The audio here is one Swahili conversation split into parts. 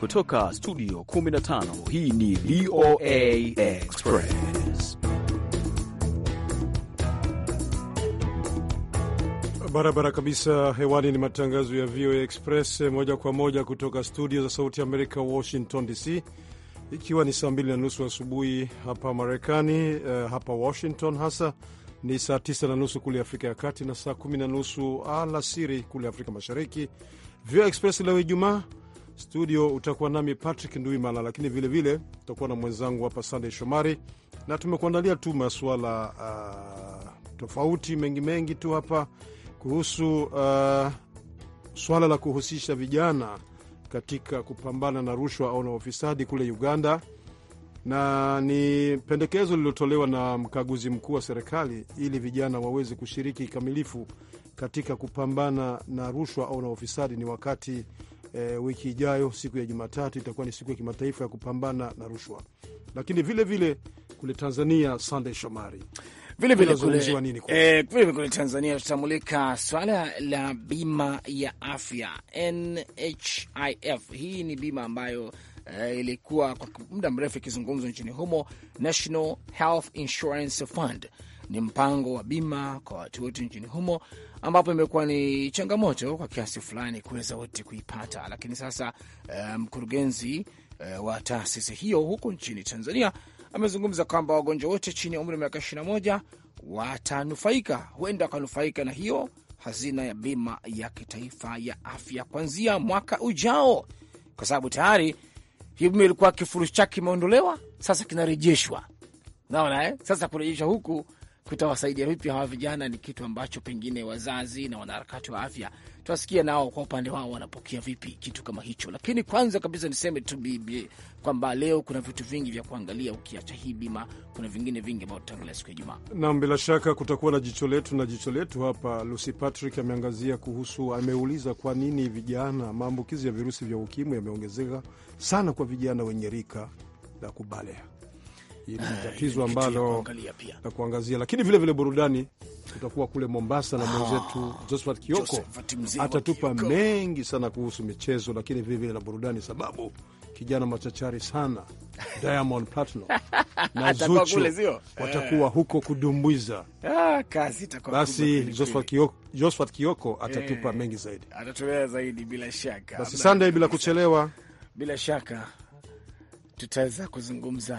Kutoka studio 15 hii ni VOA Express. Barabara kabisa hewani, ni matangazo ya VOA Express moja kwa moja kutoka studio za Sauti ya Amerika, Washington DC, ikiwa ni saa mbili na nusu asubuhi hapa Marekani. Uh, hapa Washington hasa ni saa tisa na nusu kule Afrika ya Kati na saa kumi na nusu alasiri kule Afrika Mashariki. VOA Express leo Ijumaa Studio utakuwa nami Patrick Nduimana, lakini vilevile utakuwa na mwenzangu hapa Sandey Shomari, na tumekuandalia tu masuala uh, tofauti mengi mengi tu hapa kuhusu uh, swala la kuhusisha vijana katika kupambana na rushwa au na ufisadi kule Uganda, na ni pendekezo lililotolewa na mkaguzi mkuu wa serikali ili vijana waweze kushiriki kikamilifu katika kupambana na rushwa au na ufisadi. Ni wakati e, wiki ijayo siku ya Jumatatu itakuwa ni siku ya kimataifa ya kupambana na rushwa, lakini vilevile vile, kule Tanzania, Sandey Shomari vilevile kule, eh, kule Tanzania tutamulika swala la bima ya afya NHIF. Hii ni bima ambayo eh, ilikuwa kwa muda mrefu ikizungumzwa nchini humo, National Health Insurance Fund ni mpango wa bima kwa watu wote nchini humo, ambapo imekuwa ni changamoto kwa kiasi fulani kuweza wote kuipata, lakini sasa eh, mkurugenzi um, uh, wa taasisi hiyo huko nchini Tanzania amezungumza kwamba wagonjwa wote chini ya umri wa miaka moja watanufaika, huenda wakanufaika na hiyo hazina ya bima ya kitaifa ya afya kuanzia mwaka ujao, kwa sababu tayari hiyo bima ilikuwa kifurushi chake kimeondolewa, sasa kinarejeshwa. Naona eh? Sasa kurejeshwa huku kutawasaidia vipi hawa vijana ni kitu ambacho pengine wazazi na wanaharakati wa afya tuwasikia nao kwa upande wao wanapokea vipi kitu kama hicho. Lakini kwanza kabisa niseme tu bibi kwamba leo kuna vitu vingi vya kuangalia, ukiacha hii bima, kuna vingine vingi ambavyo tutaangalia siku ya jumaa nam, bila shaka kutakuwa na jicho letu na jicho letu hapa. Lucy Patrick ameangazia kuhusu, ameuliza kwa nini vijana maambukizi ya virusi vya ukimwi yameongezeka sana kwa vijana wenye rika la kubalea hili ah, tatizo ambalo la kuangazia, lakini vile vile burudani tutakuwa kule Mombasa na ah, mwenzetu Josephat Kioko atatupa mengi sana kuhusu michezo, lakini vile vile na burudani, sababu kijana machachari sana Diamond Platnumz na Zuchu watakuwa eh. huko kudumbwiza. Ah, kazi basi, Josephat Kioko eh, atatupa mengi zaidi, atatolea zaidi bila shaka. Basi Sunday, bila kuchelewa, bila shaka tutaweza kuzungumza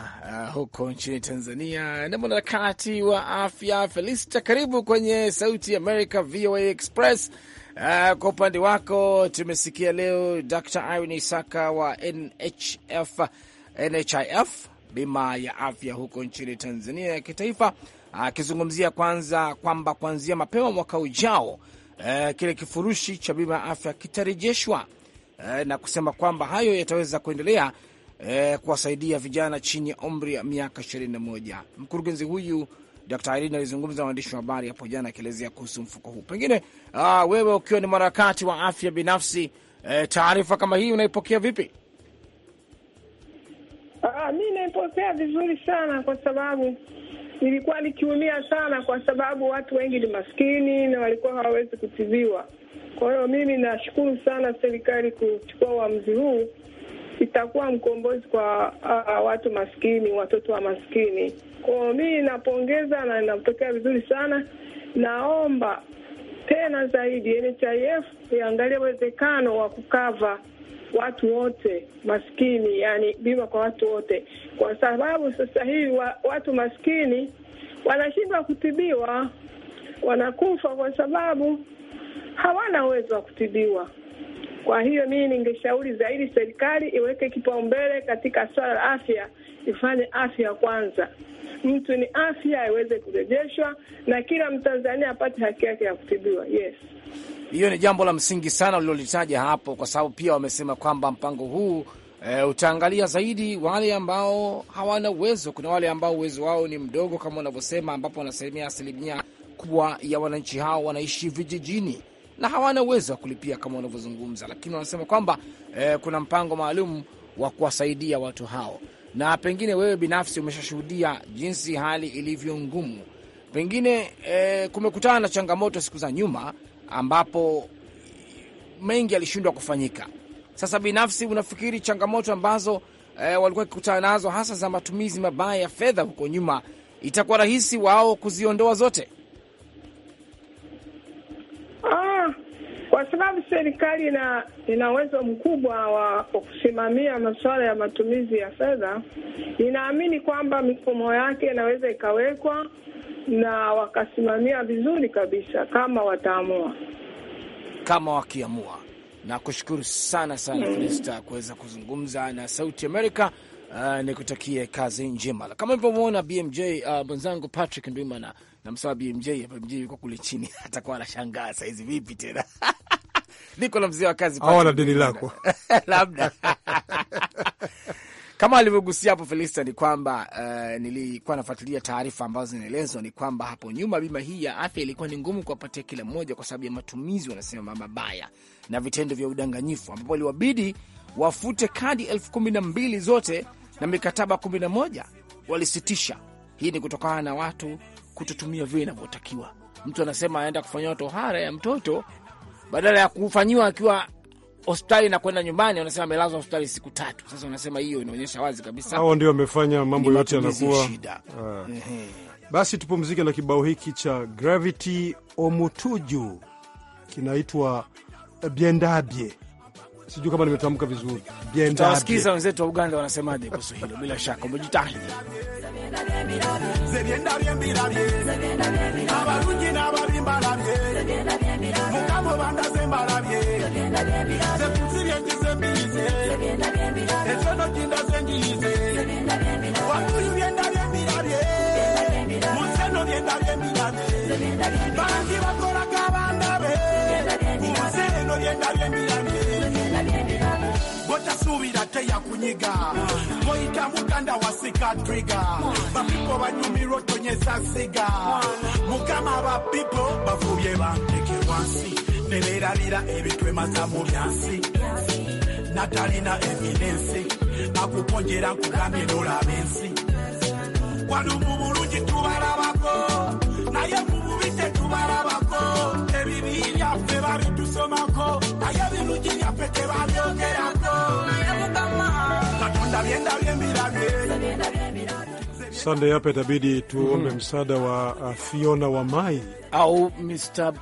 uh, huko nchini Tanzania na mwanaharakati wa afya Felista. Karibu kwenye Sauti America VOA Express. Uh, kwa upande wako tumesikia leo Dr. Irene Isaka wa NHF, NHIF bima ya afya huko nchini Tanzania ya kitaifa akizungumzia uh, kwanza kwamba kuanzia mapema mwaka ujao uh, kile kifurushi cha bima ya afya kitarejeshwa uh, na kusema kwamba hayo yataweza kuendelea e, kuwasaidia vijana chini ya umri ya miaka ishirini na moja. Mkurugenzi huyu Dr. Irene alizungumza waandishi wa habari hapo jana akielezea kuhusu mfuko huu. Pengine ah, wewe ukiwa ni mwanaharakati wa afya binafsi e, taarifa kama hii unaipokea vipi? Ah, mi naipokea vizuri sana kwa sababu ilikuwa nikiumia sana kwa sababu watu wengi ni maskini na walikuwa hawawezi kutibiwa. Kwa hiyo mimi nashukuru sana serikali kuchukua uamuzi huu sitakuwa mkombozi kwa uh, watu maskini, watoto wa maskini. Kwa mi napongeza na inatokea vizuri sana. Naomba tena zaidi NHIF iangalie uwezekano wa kukava watu wote maskini, yani bima kwa watu wote, kwa sababu sasa hivi wa, watu maskini wanashindwa kutibiwa, wanakufa kwa sababu hawana uwezo wa kutibiwa. Kwa hiyo mimi ningeshauri zaidi serikali iweke kipaumbele katika swala la afya, ifanye afya kwanza. Mtu ni afya iweze kurejeshwa na kila Mtanzania apate haki yake ya kutibiwa. Yes, hiyo ni jambo la msingi sana ulilolitaja hapo, kwa sababu pia wamesema kwamba mpango huu E, utaangalia zaidi wale ambao hawana uwezo. Kuna wale ambao uwezo wao ni mdogo kama unavyosema, ambapo wanasalimia asilimia kubwa ya wananchi hao wanaishi vijijini na hawana uwezo wa kulipia kama wanavyozungumza, lakini wanasema kwamba eh, kuna mpango maalum wa kuwasaidia watu hao. Na pengine wewe binafsi umeshashuhudia jinsi hali ilivyo ngumu, pengine eh, kumekutana na changamoto siku za nyuma ambapo mengi yalishindwa kufanyika. Sasa binafsi unafikiri changamoto ambazo eh, walikuwa wakikutana nazo hasa za matumizi mabaya ya fedha huko nyuma, itakuwa rahisi wao kuziondoa zote? kwa sababu serikali ina ina uwezo mkubwa wa kusimamia masuala ya matumizi ya fedha. inaamini kwamba mifumo yake inaweza ikawekwa na wakasimamia vizuri kabisa, kama wataamua, kama wakiamua. Na kushukuru sana sana mm. Krista, mm, kuweza kuzungumza na Sauti Amerika uh, nikutakie kazi njema kama ivyomuona BMJ ah, mwenzangu uh, Patrick Ndwimana namsema BMJ BMJ yuko kule chini atakuwa anashangaa saizi vipi tena niko na mzee wa kazi na deni lako labda kama alivyogusia hapo Felista ni kwamba uh, nilikuwa nafuatilia taarifa ambazo zinaelezwa ni kwamba hapo nyuma bima hii ya afya ilikuwa ni ngumu kuwapatia kila mmoja kwa sababu ya matumizi wanasema mabaya na vitendo vya udanganyifu, ambapo iliwabidi wafute kadi elfu kumi na mbili zote na mikataba 11 walisitisha. Hii ni kutokana na watu kutotumia vile inavyotakiwa. Mtu anasema aenda kufanyiwa tohara ya mtoto, badala ya kufanyiwa akiwa hospitali na kwenda nyumbani, wanasema amelazwa hospitali siku tatu. Sasa wanasema hiyo inaonyesha wazi kabisa hao ndio wamefanya mambo yote yanakuwa shida. Ah. Basi tupumzike na kibao hiki cha Gravity Omutuju kinaitwa Biendabie. Sijui kama nimetamka vizuri. Tawasikiza wenzetu wa Uganda wanasemaje kuhusu hilo. Bila shaka umejitahidi. suubira te yakunyiga moyita muganda wa sikatriga bapipo banyumirwa otonyesa siga mukama bapipo bavubye banteke wansi nebeerabira ebitwemaza mu byansi natalina eminensi akuponjera nkugambye nolaba ensi wano mu bulungi tubalabako naye mububi tetubalaba Sunday hapa itabidi tuombe mm msaada wa uh, Fiona wa Mai au Mr.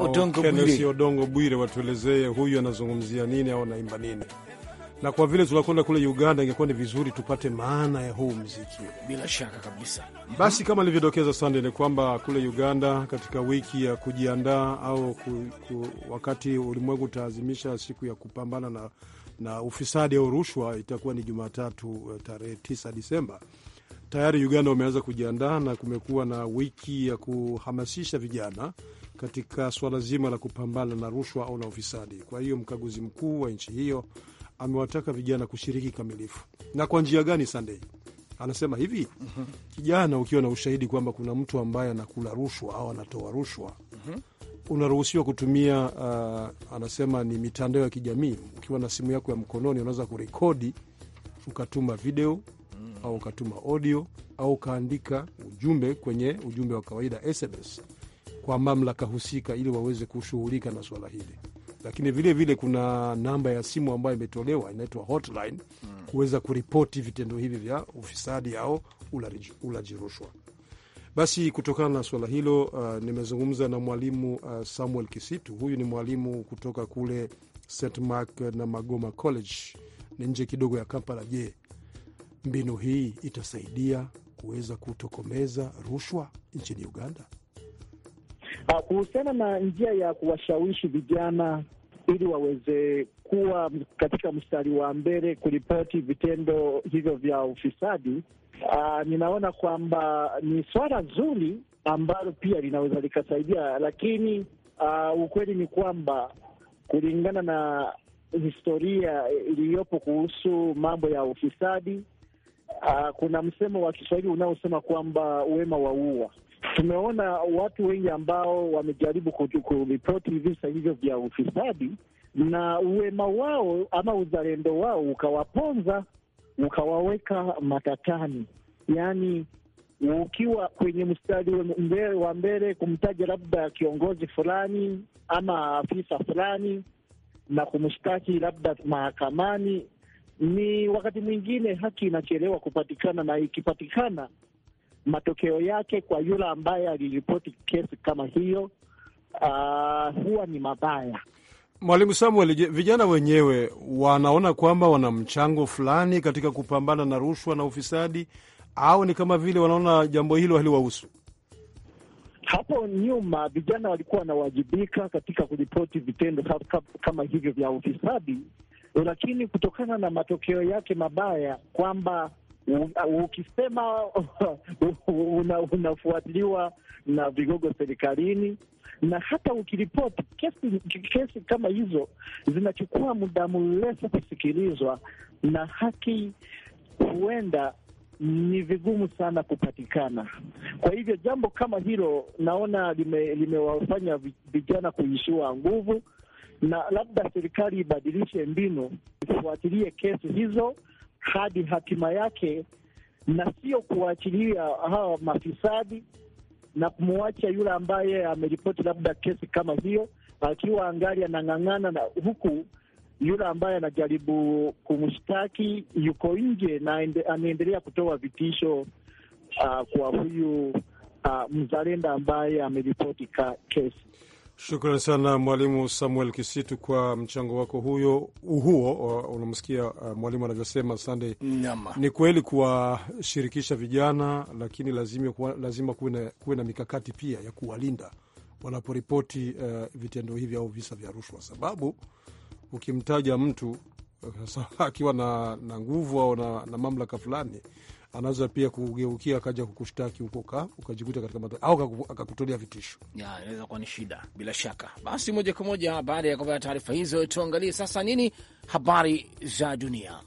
Odongo Bwire, Odongo Bwire watuelezee huyu anazungumzia nini au anaimba nini, na kwa vile tunakwenda kule Uganda, ingekuwa ni vizuri tupate maana ya huu mziki. Bila shaka kabisa. Basi kama alivyodokeza Sande, ni kwamba kule Uganda katika wiki ya kujiandaa au ku, ku, wakati ulimwengu utaazimisha siku ya kupambana na na ufisadi au rushwa itakuwa ni Jumatatu eh, tarehe 9 Disemba tayari Uganda wameanza kujiandaa na kumekuwa na wiki ya kuhamasisha vijana katika suala zima la kupambana na rushwa au na ufisadi. Kwa hiyo mkaguzi mkuu wa nchi hiyo amewataka vijana kushiriki kamilifu. Na kwa njia gani? Sunday anasema hivi, Kijana ukiwa na ushahidi kwamba kuna mtu ambaye anakula rushwa au anatoa rushwa unaruhusiwa kutumia uh, anasema ni mitandao ya kijamii. Ukiwa na simu yako ya mkononi, unaweza kurekodi ukatuma video mm. au ukatuma audio au ukaandika ujumbe kwenye ujumbe wa kawaida SMS kwa mamlaka husika, ili waweze kushughulika na swala hili. Lakini vilevile vile kuna namba ya simu ambayo imetolewa inaitwa hotline mm. kuweza kuripoti vitendo hivi vya ufisadi au ulaji rushwa. Basi kutokana na swala hilo uh, nimezungumza na mwalimu uh, Samuel Kisitu. Huyu ni mwalimu kutoka kule St Mark na Magoma College, ni nje kidogo ya Kampala. Je, Mbinu hii itasaidia kuweza kutokomeza rushwa nchini Uganda. Ah, kuhusiana na njia ya kuwashawishi vijana ili waweze kuwa katika mstari wa mbele kuripoti vitendo hivyo vya ufisadi, uh, ninaona kwamba ni swala zuri ambalo pia linaweza likasaidia, lakini uh, ukweli ni kwamba kulingana na historia iliyopo kuhusu mambo ya ufisadi Uh, kuna msemo wa Kiswahili unaosema kwamba wema waua. Tumeona watu wengi ambao wamejaribu kuripoti visa hivyo vya ufisadi na uwema wao ama uzalendo wao ukawaponza, ukawaweka matatani. Yaani, ukiwa kwenye mstari wa mbele kumtaja labda kiongozi fulani ama afisa fulani na kumshtaki labda mahakamani ni wakati mwingine haki inachelewa kupatikana, na ikipatikana matokeo yake kwa yule ambaye aliripoti kesi kama hiyo uh, huwa ni mabaya. Mwalimu Samuel, vijana wenyewe wanaona kwamba wana mchango fulani katika kupambana na rushwa na ufisadi, au ni kama vile wanaona jambo hilo haliwahusu? Hapo nyuma vijana walikuwa wanawajibika katika kuripoti vitendo kama hivyo vya ufisadi, lakini kutokana na matokeo yake mabaya kwamba ukisema una, unafuatiliwa na vigogo serikalini na hata ukiripoti kesi, kesi kama hizo zinachukua muda mrefu kusikilizwa, na haki huenda ni vigumu sana kupatikana. Kwa hivyo jambo kama hilo naona limewafanya lime vijana kuishiwa nguvu na labda serikali ibadilishe mbinu, ifuatilie kesi hizo hadi hatima yake, na sio kuwaachilia hawa mafisadi na kumwacha yule ambaye ameripoti labda kesi kama hiyo akiwa angali anang'ang'ana na huku yule ambaye anajaribu kumshtaki yuko nje na anaendelea kutoa vitisho uh, kwa huyu uh, ah, mzalenda ambaye ameripoti kesi. Shukran sana Mwalimu Samuel Kisitu kwa mchango wako huyo huo. Uh, unamsikia uh, mwalimu anavyosema sande Ni kweli kuwashirikisha vijana, lakini lazima, lazima kuwe na mikakati pia ya kuwalinda wanaporipoti uh, vitendo hivi au visa vya rushwa, sababu ukimtaja mtu uh, akiwa na, na nguvu au na, na mamlaka fulani anaweza pia kugeukia akaja kukushtaki huko, ukajikuta katika matatizo au akakutolea vitisho. Inaweza kuwa ni shida, bila shaka. Basi moja kwa moja, baada ya kupata taarifa hizo, tuangalie sasa nini habari za dunia.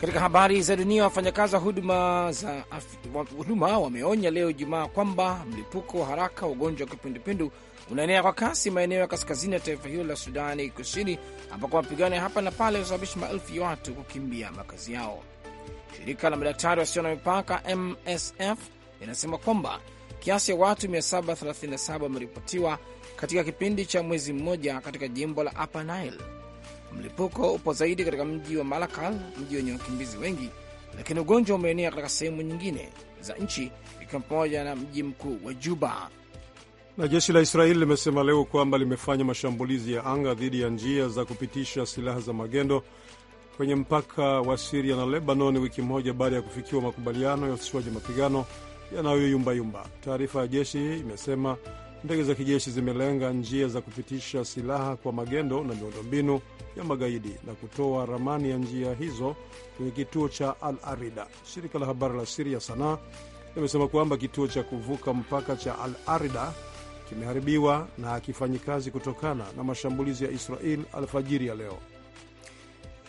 Katika habari za dunia, wafanyakazi wa huduma za huduma wameonya leo Ijumaa kwamba mlipuko wa haraka wa ugonjwa wa kipindupindu unaenea kwa kasi maeneo ya kaskazini ya taifa hilo la Sudani Kusini, ambako mapigano ya hapa na pale yasababisha maelfu ya watu kukimbia makazi yao. Shirika la madaktari wasio na mipaka MSF linasema kwamba kiasi ya watu 737 wameripotiwa katika kipindi cha mwezi mmoja katika jimbo la Upper Nile Mlipuko upo zaidi katika mji wa Malakal, mji wenye wakimbizi wengi, lakini ugonjwa umeenea katika sehemu nyingine za nchi ikiwa pamoja na mji mkuu wa Juba. Na jeshi la Israeli limesema leo kwamba limefanya mashambulizi ya anga dhidi ya njia za kupitisha silaha za magendo kwenye mpaka wa Siria na Lebanoni, wiki moja baada ya kufikiwa makubaliano ya usitishwaji mapigano yanayoyumbayumba. Taarifa ya jeshi imesema Ndege za kijeshi zimelenga njia za kupitisha silaha kwa magendo na miundombinu ya magaidi na kutoa ramani ya njia hizo kwenye kituo cha Al Arida. Shirika la habari la Siria Sanaa limesema kwamba kituo cha kuvuka mpaka cha Al Arida kimeharibiwa na hakifanyi kazi kutokana na mashambulizi ya Israel alfajiri ya leo.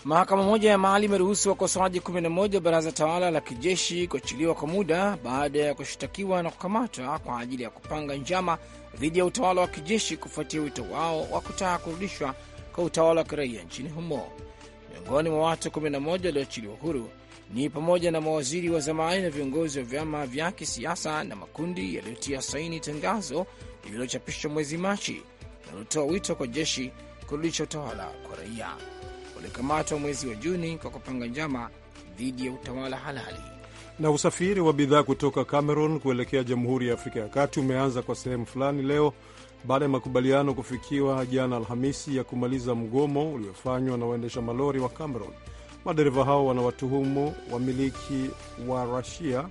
Mahakama moja ya Mali imeruhusu wakosoaji 11 wa baraza tawala la kijeshi kuachiliwa kwa muda baada ya kushtakiwa na kukamatwa kwa ajili ya kupanga njama dhidi ya utawala wa kijeshi kufuatia wito wao wa kutaka kurudishwa kwa utawala wa kiraia nchini humo. Miongoni mwa watu 11 walioachiliwa huru ni pamoja na mawaziri wa zamani na viongozi wa vyama vya kisiasa na makundi yaliyotia saini tangazo lililochapishwa mwezi Machi linalotoa wito kwa jeshi kurudisha utawala kwa raia walikamatwa mwezi wa Juni kwa kupanga njama dhidi ya utawala halali. Na usafiri wa bidhaa kutoka Cameroon kuelekea Jamhuri ya Afrika ya Kati umeanza kwa sehemu fulani leo baada ya makubaliano kufikiwa jana Alhamisi ya kumaliza mgomo uliofanywa na waendesha malori wa Cameroon. Madereva hao wanawatuhumu wamiliki wa Rasia,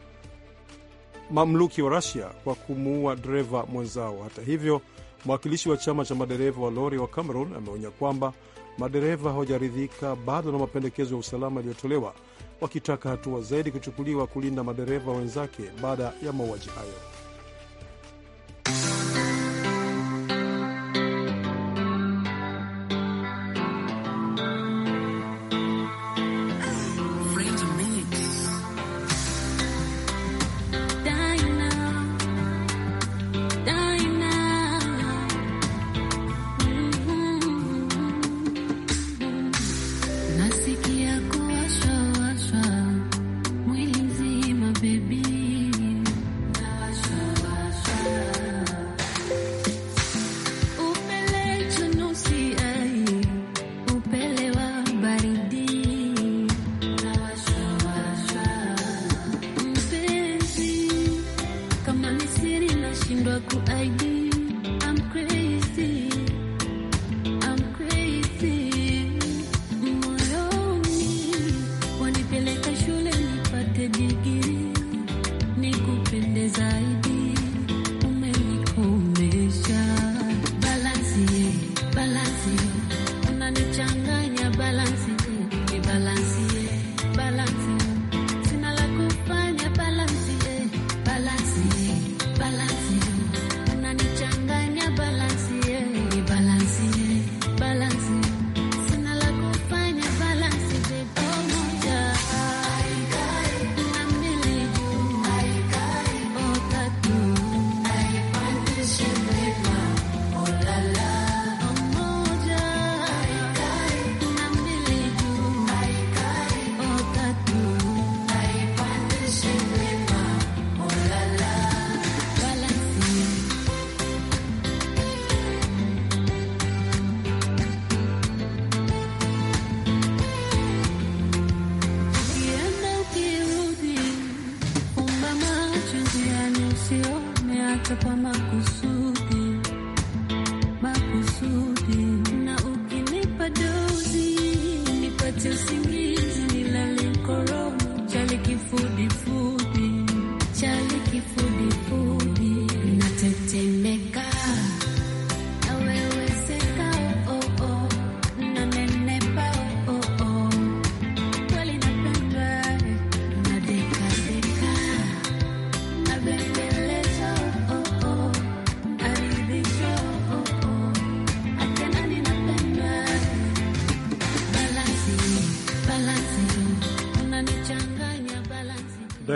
mamluki wa Rasia kwa kumuua dereva mwenzao. Hata hivyo, mwakilishi wa chama cha madereva wa lori wa Cameroon ameonya kwamba madereva hawajaridhika bado na mapendekezo ya usalama yaliyotolewa, wakitaka hatua zaidi kuchukuliwa kulinda madereva wenzake baada ya mauaji hayo.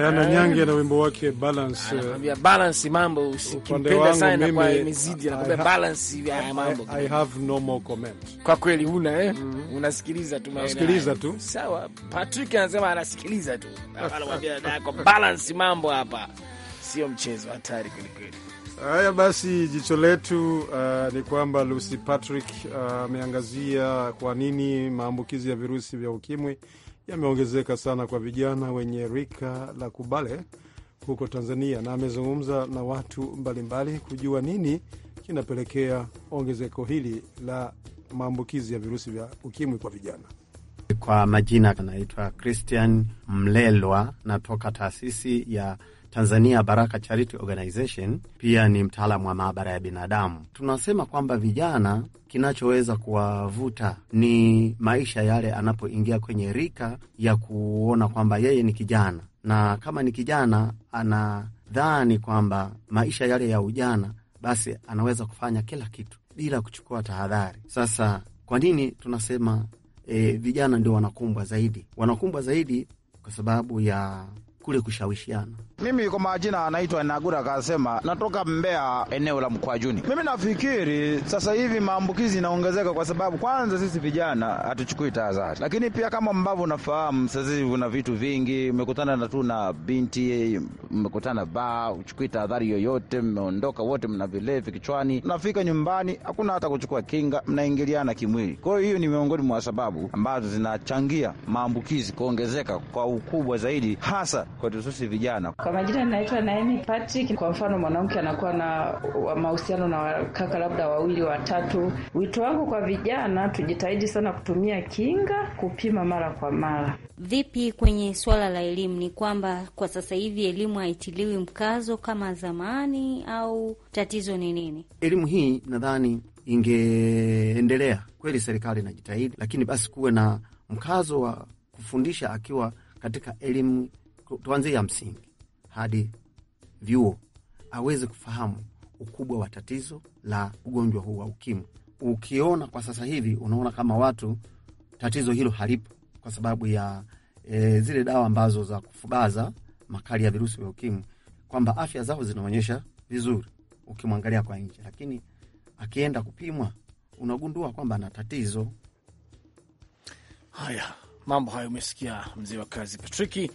Ana eh, Nyange na wimbo wake balance. Anakuambia balance mambo, usikimpenda sana na kwa imezidi, anakuambia balance ya mambo. I have no more comment. Kwa kweli huna eh? Mm-hmm. Unasikiliza tu, maana. unasikiliza tu. Sawa. Patrick anasema anasikiliza tu. Anamwambia na kwa balance mambo hapa. Sio mchezo, hatari kweli kweli. Haya basi, jicho letu uh, ni kwamba Lucy Patrick uh, ameangazia uh, kwa nini maambukizi ya virusi vya ukimwi yameongezeka sana kwa vijana wenye rika la kubale huko Tanzania, na amezungumza na watu mbalimbali mbali kujua nini kinapelekea ongezeko hili la maambukizi ya virusi vya ukimwi kwa vijana. Kwa majina anaitwa Christian Mlelwa, natoka taasisi ya Tanzania Baraka Charity Organization, pia ni mtaalamu wa maabara ya binadamu. Tunasema kwamba vijana, kinachoweza kuwavuta ni maisha yale, anapoingia kwenye rika ya kuona kwamba yeye ni kijana, na kama ni kijana anadhani kwamba maisha yale ya ujana, basi anaweza kufanya kila kitu bila kuchukua tahadhari. Sasa kwa nini tunasema e, vijana ndio wanakumbwa zaidi? Wanakumbwa zaidi kwa sababu ya kule kushawishiana mimi kwa majina anaitwa Nagura kasema, natoka Mbeya, eneo la Mkwajuni. Mimi nafikiri sasa hivi maambukizi inaongezeka kwa sababu kwanza sisi vijana hatuchukui tahadhari, lakini pia kama ambavyo unafahamu sasa hivi kuna vitu vingi, umekutana na tu na binti, umekutana baa, uchukui tahadhari yoyote, mmeondoka wote mna vilevi kichwani, nafika nyumbani hakuna hata kuchukua kinga, mnaingiliana kimwili. Kwa hiyo hiyo ni miongoni mwa sababu ambazo zinachangia maambukizi kuongezeka kwa ukubwa zaidi, hasa kwetu sisi vijana. Kwa majina inaitwa Naemi Patrick. Kwa mfano, mwanamke anakuwa na mahusiano na kaka labda wawili watatu. Wito wangu kwa vijana, tujitahidi sana kutumia kinga, kupima mara kwa mara. Vipi kwenye swala la elimu? Ni kwamba kwa sasa hivi elimu haitiliwi mkazo kama zamani, au tatizo ni nini? Elimu hii nadhani ingeendelea kweli, serikali inajitahidi, lakini basi kuwe na mkazo wa kufundisha akiwa katika elimu, tuanzie ya msingi hadi vyuo aweze kufahamu ukubwa wa tatizo la ugonjwa huu wa ukimwi. Ukiona kwa sasa hivi unaona kama watu tatizo hilo halipo kwa sababu ya e, zile dawa ambazo za kufubaza makali ya virusi vya ukimwi, kwamba afya zao zinaonyesha vizuri ukimwangalia kwa nje, lakini akienda kupimwa unagundua kwamba ana tatizo. Haya, mambo hayo umesikia mzee wa kazi Patriki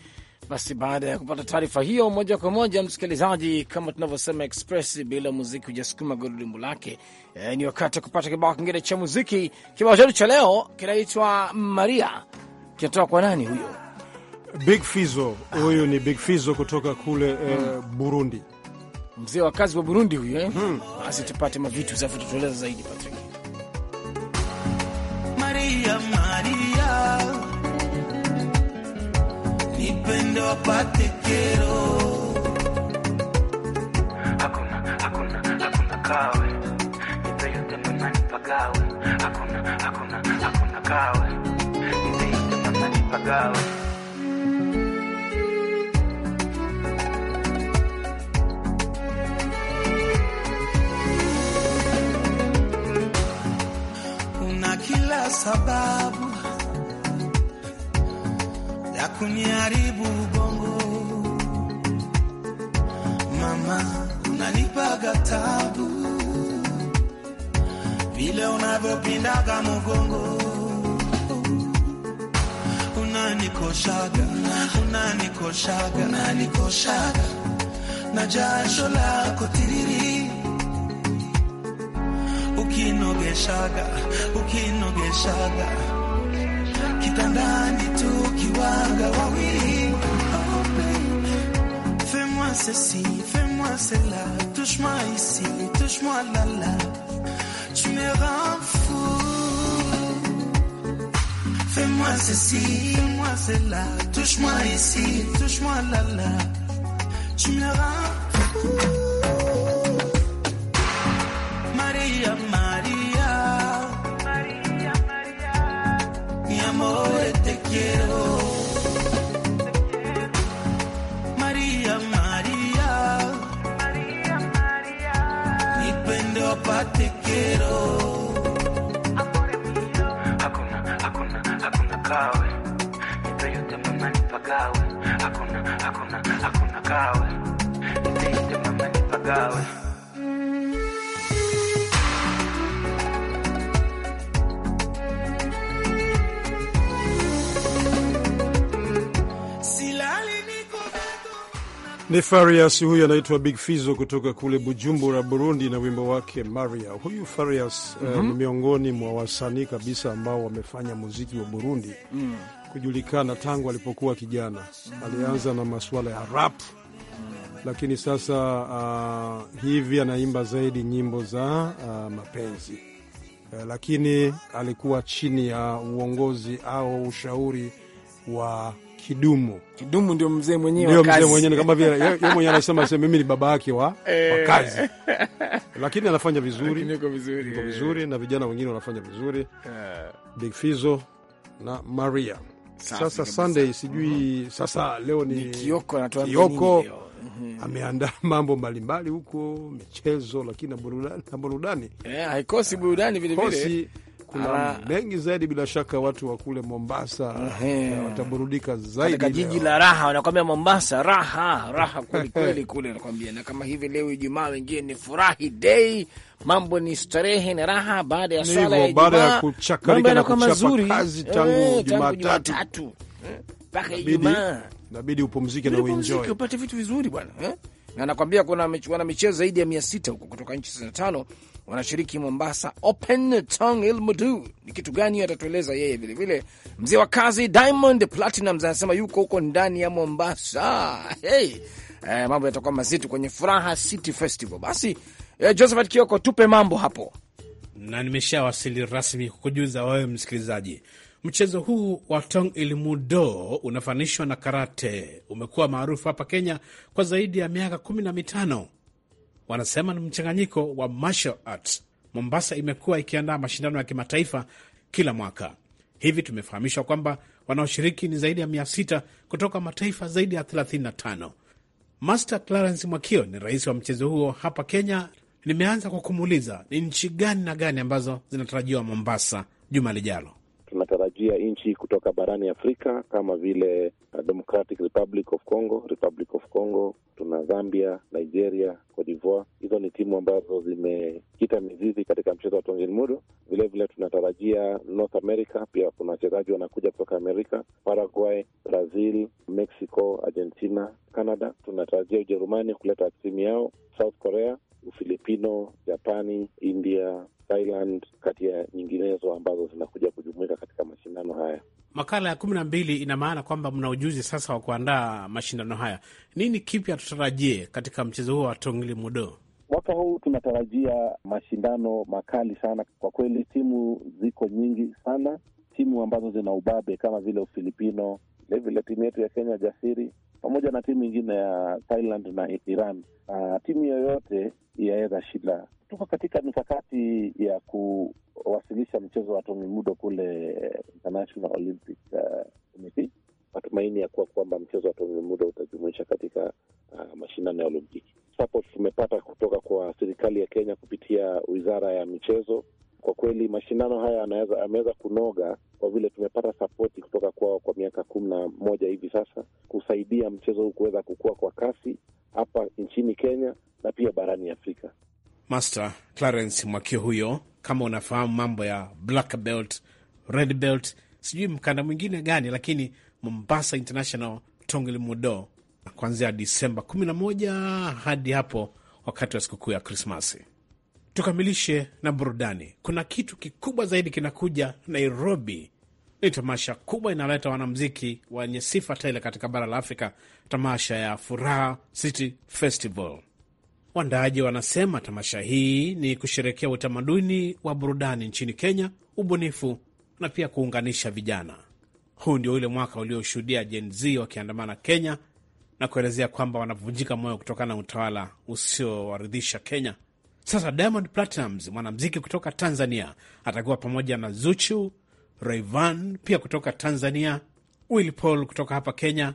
basi baada ya kupata taarifa hiyo moja kwa moja, msikilizaji, kama tunavyosema express bila muziki hujasukuma gurudumu lake. E, ni wakati wa kupata kibao kingine cha muziki. Kibao chetu cha leo kinaitwa Maria, kinatoka kwa nani huyo? Big Fizo. Huyu ni Big Fizo kutoka kule hmm, eh, Burundi, mzee wa kazi wa Burundi huyo. eh? Hmm. Basi hmm, tupate mavitu zafu tutueleza zaidi Patrick. upendo wapate kero. Hakuna, hakuna, hakuna kawe nipeyote mamani pagawe. Hakuna, hakuna, hakuna kawe nipeyote mamani pagawe. Sababu unanindaga mgongo, unanikoshaga, unanikoshaga, unanikoshaga na jasho lako tiriri, ukinogeshaga, ukinogeshaga kitandani tukiwaga wawili. Fais-moi ceci, fais-moi cela, touche-moi ici, touche-moi là-là, tu me rends touche-moi ceci, moi cela, touche-moi ici, touche-moi là là, tu me rends María, Maria, Maria, Maria, Maria, mi amor te quiero. María, María, María, María, mi pa te quiero. mama nipagawe. Ni Farias huyu anaitwa Big Fizo kutoka kule Bujumbura, Burundi, na wimbo wake Maria. Huyu Farias eh, mhm. ni mm -hmm. uh, miongoni mwa wasanii kabisa ambao wamefanya muziki wa Burundi mm. kujulikana tangu alipokuwa kijana mm -hmm. alianza na masuala ya rap lakini sasa uh, hivi anaimba zaidi nyimbo za uh, mapenzi uh, lakini alikuwa chini ya uongozi au ushauri wa Kidumu. Kidumu ndio mzee mwenyewe ndio mzee mwenyewe kama vile yeye mwenyewe anasema sema mimi ni baba yake wa, eh. wa kazi, lakini anafanya vizuri, yuko vizuri, yuko eh. vizuri na vijana wengine wanafanya vizuri eh. Big Fizo na Maria. Sasa Sunday sijui, sasa mm-hmm. leo ni Kioko anatuambia leo? Mhm. ameandaa mambo mbalimbali huko, michezo lakini na burudani, eh, haikosi burudani vilevile kuna mengi zaidi bila shaka, watu wa kule Mombasa mhm. eh, wataburudika zaidi. Katika jiji la raha, wanakwambia Mombasa raha raha kweli kweli kule, nakwambia. Na kama hivi leo Ijumaa, wengine ni furahi dei, mambo ni starehe na raha. Baada ya swala ya Ijumaa, eh, tangu Jumatatu mpaka Ijumaa inabidi upumzike na uenjoy, upate vitu vizuri bwana eh? na nakwambia kuna wana michezo zaidi ya mia sita huko kutoka nchi sitini na tano wanashiriki Mombasa Open. Tong Ilmudu ni kitu gani atatueleza yeye. Vilevile mzee wa kazi Diamond Platinumz anasema yuko huko ndani ya Mombasa. Hey, eh, mambo yatakuwa mazito kwenye Furaha City Festival. Basi eh, Josephat Kioko, tupe mambo hapo, na nimeshawasili rasmi kukujuza wewe msikilizaji Mchezo huu wa Tong Ilmudo unafanishwa na karate, umekuwa maarufu hapa Kenya kwa zaidi ya miaka kumi na mitano. Wanasema ni mchanganyiko wa martial arts. Mombasa imekuwa ikiandaa mashindano ya kimataifa kila mwaka. Hivi tumefahamishwa kwamba wanaoshiriki ni zaidi ya mia sita kutoka mataifa zaidi ya 35. Master Clarence Mwakio ni rais wa mchezo huo hapa Kenya. Nimeanza kwa kumuuliza ni nchi gani na gani ambazo zinatarajiwa Mombasa juma lijalo teknolojia nchi kutoka barani Afrika kama vile uh, Democratic Republic of Congo, Republic of Congo, tuna Zambia, Nigeria, Cote d'Ivoire. Hizo ni timu ambazo zimekita mizizi katika mchezo wa Tonge Mudo. Vilevile tunatarajia North America, pia kuna wachezaji wanakuja kutoka Amerika, Paraguay, Brazil, Mexico, Argentina, Canada. Tunatarajia Ujerumani kuleta timu yao, South Korea Ufilipino, Japani, India, Thailand, kati ya nyinginezo ambazo zinakuja kujumuika katika mashindano haya. Makala ya kumi na mbili ina maana kwamba mna ujuzi sasa wa kuandaa mashindano haya. Nini kipya tutarajie katika mchezo huo wa tongli mudo? Mwaka huu tunatarajia mashindano makali sana kwa kweli. Timu ziko nyingi sana, timu ambazo zina ubabe kama vile Ufilipino, vilevile timu yetu ya Kenya jasiri pamoja na timu ingine ya Thailand na Iran. Uh, timu yoyote yaweza shinda. Tuko katika mikakati ya kuwasilisha mchezo wa Tommy Mudo kule International Olympic ah, Committee. Uh, matumaini ya kuwa kwamba mchezo wa Tommy Mudo utajumuisha katika uh, mashindano ya Olimpiki. Support tumepata kutoka kwa serikali ya Kenya kupitia wizara ya michezo kwa kweli mashindano haya ameweza kunoga kwa vile tumepata sapoti kutoka kwao kwa miaka kumi na moja hivi sasa kusaidia mchezo huu kuweza kukua kwa kasi hapa nchini Kenya na pia barani Afrika. Master Clarence Mwakio huyo, kama unafahamu mambo ya black belt, red belt, sijui mkanda mwingine gani, lakini Mombasa International Tongli Mudo kuanzia Disemba kumi na moja hadi hapo wakati wa sikukuu ya Krismasi. Tukamilishe na burudani. Kuna kitu kikubwa zaidi kinakuja Nairobi. Ni tamasha kubwa inaleta wanamziki wenye sifa tele katika bara la Afrika, tamasha ya Furaha City Festival. Waandaaji wanasema tamasha hii ni kusherekea utamaduni wa burudani nchini Kenya, ubunifu na pia kuunganisha vijana. Huu ndio ule mwaka ulioshuhudia Gen Z wakiandamana Kenya na kuelezea kwamba wanavunjika moyo kutokana na utawala usiowaridhisha Kenya sasa Diamond Platnumz, mwanamziki kutoka Tanzania, atakuwa pamoja na Zuchu, Rayvan pia kutoka Tanzania, Will Paul kutoka hapa Kenya,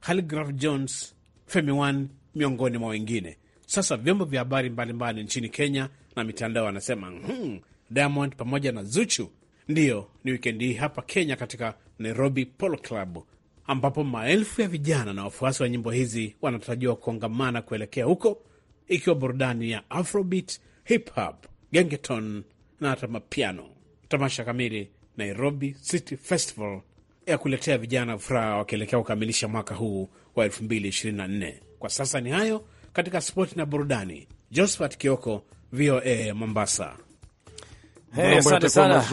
halgraf Jones, Femi One miongoni mwa wengine. Sasa vyombo vya habari mbalimbali nchini Kenya na mitandao anasema hmm, Diamond pamoja na Zuchu ndiyo ni wikendi hii hapa Kenya katika Nairobi Polo Club, ambapo maelfu ya vijana na wafuasi wa nyimbo hizi wanatarajiwa kuongamana kuelekea huko ikiwa burudani ya afrobeat, hip hop, gengeton na hata mapiano. Tamasha kamili Nairobi City Festival ya kuletea vijana furaha wakielekea kukamilisha mwaka huu wa 2024. Kwa sasa ni hayo katika spoti na burudani. Josephat Kioko, VOA Mombasa. Hey, asante sana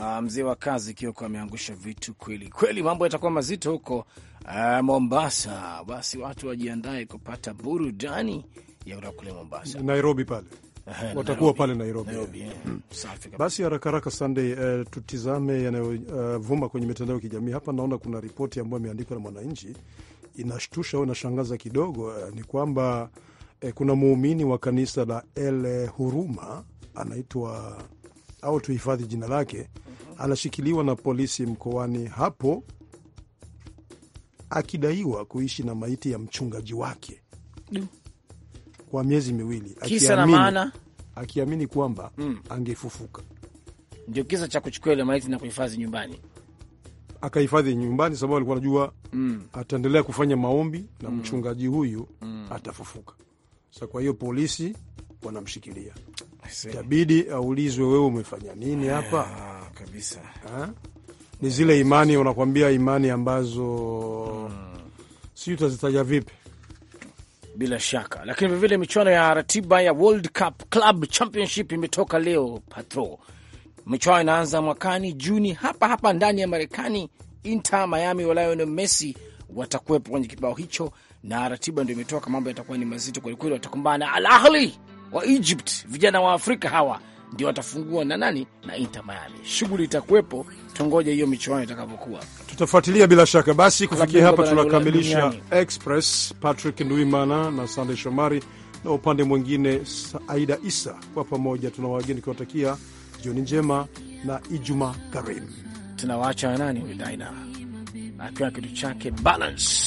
ah, mzee wa kazi Kioko ameangusha vitu kweli kweli, mambo yatakuwa mazito huko Uh, Mombasa basi watu wajiandae kupata burudani ya kutoka kule Mombasa, Nairobi pale watakuwa pale Nairobi, Nairobi yeah. Mm. Hmm, basi haraka haraka Sunday, uh, tutizame yanayovuma uh, kwenye mitandao ya kijamii hapa. Naona kuna ripoti ambayo imeandikwa na Mwananchi inashtusha au inashangaza kidogo. Uh, ni kwamba uh, kuna muumini wa kanisa la El Huruma anaitwa au tuhifadhi jina lake, mhm. anashikiliwa na polisi mkoani hapo akidaiwa kuishi na maiti ya mchungaji wake kwa miezi miwili akiamini, akiamini kwamba mm. angefufuka. Ndio kisa cha kuchukua ile maiti na kuhifadhi nyumbani, akahifadhi nyumbani sababu alikuwa anajua mm. ataendelea kufanya maombi na mm. mchungaji huyu mm. atafufuka. Sa kwa hiyo polisi wanamshikilia, itabidi aulizwe, wewe umefanya nini hapa ah, kabisa ha? Ah? ni zile imani, unakwambia imani ambazo hmm, sijui utazitaja vipi bila shaka lakini vilevile michuano ya ratiba ya World Cup Club Championship imetoka leo patro. Michuano inaanza mwakani Juni hapa hapa ndani ya Marekani. Inter Miami wa Lionel Messi watakuwepo kwenye kibao hicho, na ratiba ndio imetoka. Mambo yatakuwa ni mazito kwelikweli, watakumbana na Al Ahly wa Egypt, vijana wa Afrika hawa ndio watafungua na nani na Inter Miami. Shughuli itakuwepo, tungoja hiyo michuano itakavyokuwa, tutafuatilia bila shaka. Basi kufikia hapa tunakamilisha Express. Patrick Ndwimana na Sande Shomari na upande mwingine Aida Isa, kwa pamoja tuna wageni kiwatakia jioni njema na ijuma Karim. Tunawaacha nani huyu Daina akiwa na kitu chake balance.